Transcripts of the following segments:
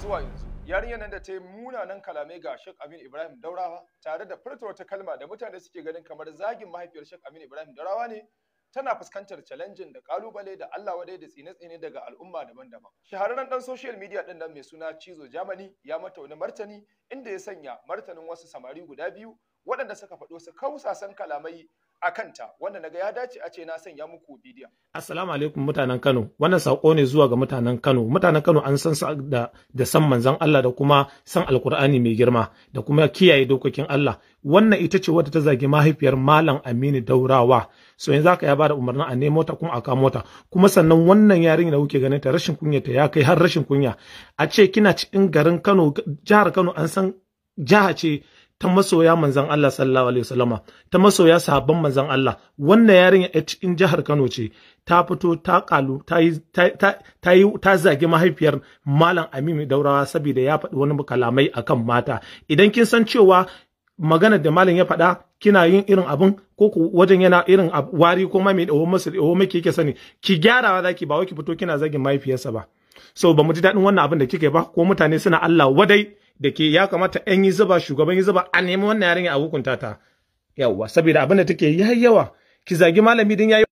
zuwa yanzu yarinyar nan da ta yi munanan kalamai ga Sheikh Aminu Ibrahim Daurawa tare da furta wata kalma da mutane suke ganin kamar zagin mahaifiyar Sheikh Aminu Ibrahim Daurawa ne tana fuskantar challenge da kalubale da Allah wadai da tsine-tsine daga al'umma daban-daban. Shahararren dan social media din nan mai suna Cizo Germany ya mata wani martani inda ya sanya martanin wasu samari guda biyu waɗanda suka faɗo su kausasan kalamai a kanta wanda naga ya dace a ce na sanya muku bidiyon. Assalamu alaikum mutanen Kano wannan sako ne zuwa ga mutanen Kano mutanen Kano an san da da san manzon Allah da kuma san Alkur'ani mai girma da kuma kiyaye dokokin Allah wannan ita ce wadda ta zagi mahaifiyar Malam Aminu Daurawa so yanzu haka ya bada umarnin a nemo ta kuma aka mota. kuma sannan wannan yarinya da kuke ganin ta rashin kunya ta ya kai har rashin kunya a ce kina cikin garin Kano jihar Kano an san jiha ce ta masoya manzon Allah sallallahu alaihi wasallama ta masoya sahabban manzan Allah wannan yarinya a cikin jihar Kano ce ta fito ta kalu ta yi ta zagi mahaifiyar Malam Aminu Daurawa saboda ya faɗi wani kalamai akan mata idan kin san cewa magana da malam ya faɗa kina yin irin abin ko ku wajen yana irin wari ko mai dawo masu dawo yake sani ki gyarawa zaki ba wai ki fito kina zagin mahaifiyarsa ba so ba mu ji daɗin wannan abin da kike ba ko mutane suna Allah wadai dake ya kamata yan yi zuba shugaban yi zuba a nemi wannan yarinya a hukunta ta yawa saboda abin da take yi yawa ki zagi malami din yayi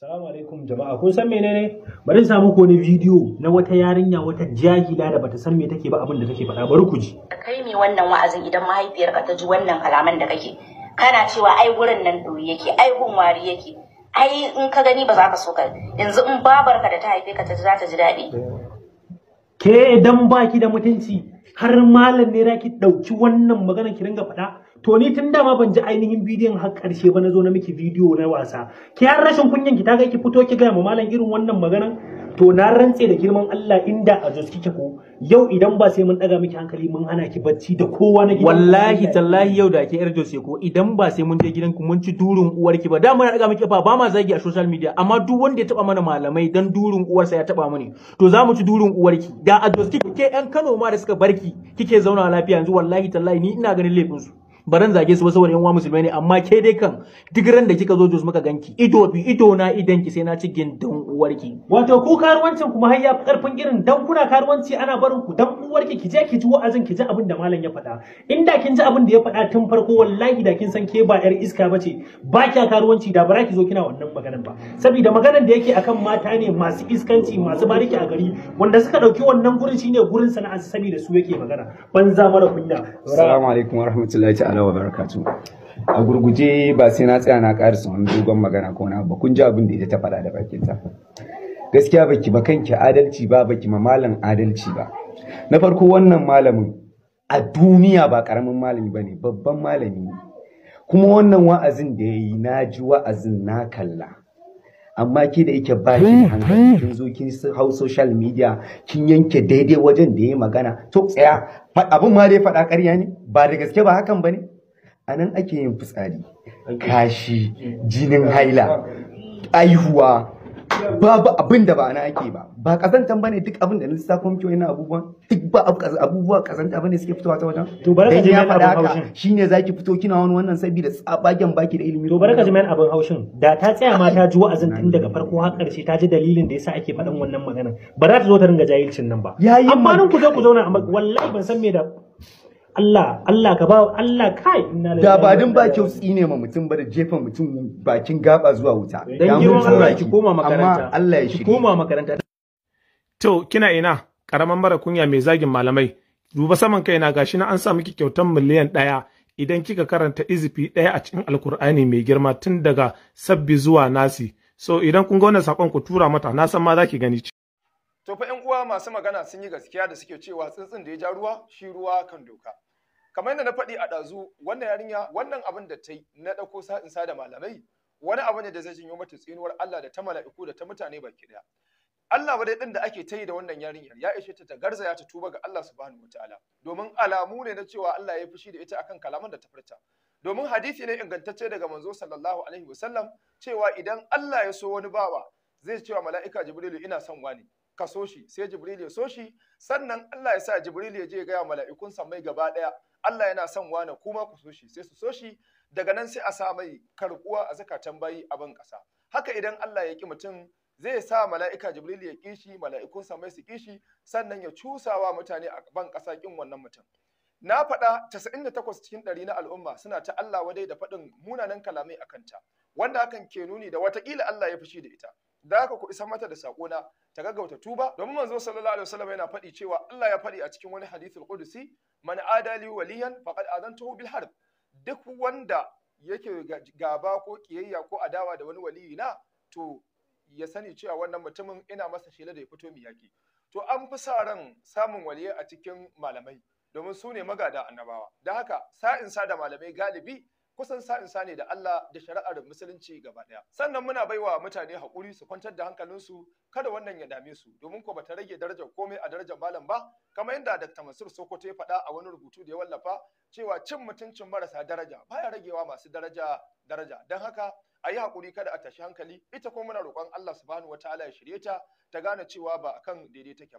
Salamu alaikum jama'a kun san menene bari samu ko ne bidiyo na wata yarinya wata jahila da bata san me take ba abin da take faɗa bari ku ji kai me wannan wa'azin idan mahaifiyarka ta ji wannan alaman da kake kana cewa ai gurin nan doyi yake ai gun wari yake ai in ka gani ba za ka so ka yanzu in babarka da ta haife ka ta za ta ji daɗi ke dan baki da mutunci har malam ne ki dauki wannan magana ki ringa faɗa to ni tun dama ban ji ainihin bidiyon har karshe ba na zo na miki bidiyo na wasa ki har rashin kunyan ki ta ga ki fito ki ga malam irin wannan maganan to na rantse da girman Allah inda a jos kike ko yau idan ba sai mun daga miki hankali mun hana ki bacci da kowa na gidan wallahi tallahi yau da ke yar jos ko idan ba sai mun je gidan ku mun ci durin uwar ki ba da mun daga miki fa ba ma zagi a social media amma duk wanda ya taba mana malamai dan durin uwarsa ya taba mani to za mu ci durin uwar ki da a jos kike ke yan Kano ma da suka barki kike zauna lafiya yanzu wallahi tallahi ni ina ganin laifin su baran zage su ba saboda yan uwa musulmai ne amma ke dai kan duk ran da kika zo Jos muka ganki ido bi ido na idan ki sai na ci gindin uwarki wato ku karuwancin kuma har ya karfin irin dan kuna karuwanci ana barin ku dan uwarki ki je ki ji wa'azin ki ji abin da malam ya faɗa in da kin ji abin da ya faɗa tun farko wallahi da kin san ke ba yar iska bace ba kya karuwanci da bara ki zo kina wannan maganar ba saboda maganar da yake akan mata ne masu iskanci masu bariki a gari wanda suka dauki wannan gurin shine gurin sana'a saboda su yake magana banza mara kunya assalamu alaikum warahmatullahi ta'ala wa barakatuh a gurguje ba sai na tsaya na karisa wani dogon magana ko na ba kun ji abin da ita ta faɗa da bakinta gaskiya baki ba kanki adalci ba baki ma malam adalci ba na farko wannan malamin a duniya ba karamin malami bane babban malami kuma wannan wa'azin da yayi na ji wa'azin na kalla amma ke da yake ba shi hankali eh, eh. kin zo kin hau social media kin yanke daidai wajen da yayi magana to tsaya abin ma dai faɗa ƙarya ne ba da gaske ba hakan bane a nan ake yin fitsari kashi jinin haila aihuwa babu abin da ba na ake ba ba kazantan bane duk abin da lissafin kyau yana abubuwan duk ba abubuwa kazanta bane suke fitowa ta wajen to bari ka ji abin haushin shine zaki fito kina wani wannan saboda tsabagen baki da ilimi to bari ka ji mai abin haushin da ta tsaya ma ta ji wa'azin tun daga farko har karshe ta ji dalilin da yasa ake faɗan wannan maganar ba za ta zo ta ringa jahilcin nan ba amma nan ku zo ku zauna wallahi ban san me da Allah Allah ka ba Allah kai da ba din ba kyau ne ma mutum ba da jefa mutum bakin gaba zuwa wuta dan girman Allah ki koma makaranta amma Allah ya shi ki koma makaranta to kina ina karaman mara kunya mai zagin malamai duba saman kaina gashi na an sa miki kyautan miliyan ɗaya idan kika karanta izifi ɗaya a cikin alkur'ani mai girma tun daga sabbi zuwa nasi so idan kun ga wannan sakon ku tura mata na san ma za ki gani to fa uwa masu magana sun yi gaskiya da suke cewa tsuntsun da ya ja ruwa shi ruwa kan doka kamar yadda na faɗi a ɗazu wannan yarinya wannan abin da ta yi na ɗauko sa'insa da malamai wani abu ne da zai janyo mata tsinuwar Allah da ta mala'iku da ta mutane baki ɗaya Allah dai ɗin da ake ta yi da wannan yarinyar ya ishe ta ta garzaya ta tuba ga Allah subhanahu ta'ala" domin alamu ne na cewa Allah ya fushi da ita akan kalaman da ta furta domin hadisi ne ingantacce daga manzo sallallahu alaihi wasallam cewa idan Allah ya so wani bawa zai cewa mala'ika Jibrilu ina son wani ka so shi sai jibril ya so shi sannan Allah ya sa jibril ya je ya gaya mala'ikun mai gaba daya Allah yana son wane kuma ku so shi sai su so shi daga nan sai a sa mai karkuwa a zakatan bayi a ban kasa haka idan Allah ya ki mutum zai sa mala'ika jibril ya ki shi mala'ikun mai su ki shi sannan ya cusawa mutane a ban kasa kin wannan mutum na faɗa 98 cikin ɗari na al'umma suna ta Allah wadai da faɗin munanan kalamai a kanta wanda hakan ke nuni da watakila Allah ya fushi da ita da haka ku isa mata da sako na ta gaggauta tuba domin manzo sallallahu alaihi wasallam yana faɗi cewa Allah ya faɗi a cikin wani hadithul qudsi man adali waliyan faqad adantuhu bil harb duk wanda yake gaba ko kiyayya ko adawa da wani waliyi na to ya sani cewa wannan mutumin ina masa shela da ya fito mi yaki to an fi sa ran samun waliyai a cikin malamai domin su ne magada annabawa da haka sa'in sa da malamai galibi kusan insa ne da Allah da shari'ar musulunci gaba ɗaya. Sannan muna baiwa mutane haƙuri su kwantar da hankalinsu kada wannan ya dame su domin ko bata rage darajar komai a darajar malam ba kamar yadda Dr. Mansur Sokoto ya faɗa a wani rubutu da ya wallafa cewa cin mutuncin marasa daraja baya ragewa masu daraja daraja don haka a yi haƙuri kada a tashi hankali ita kuma muna roƙon Allah subhanahu wataala ya shirye ta ta gane cewa ba a kan daidai take ba.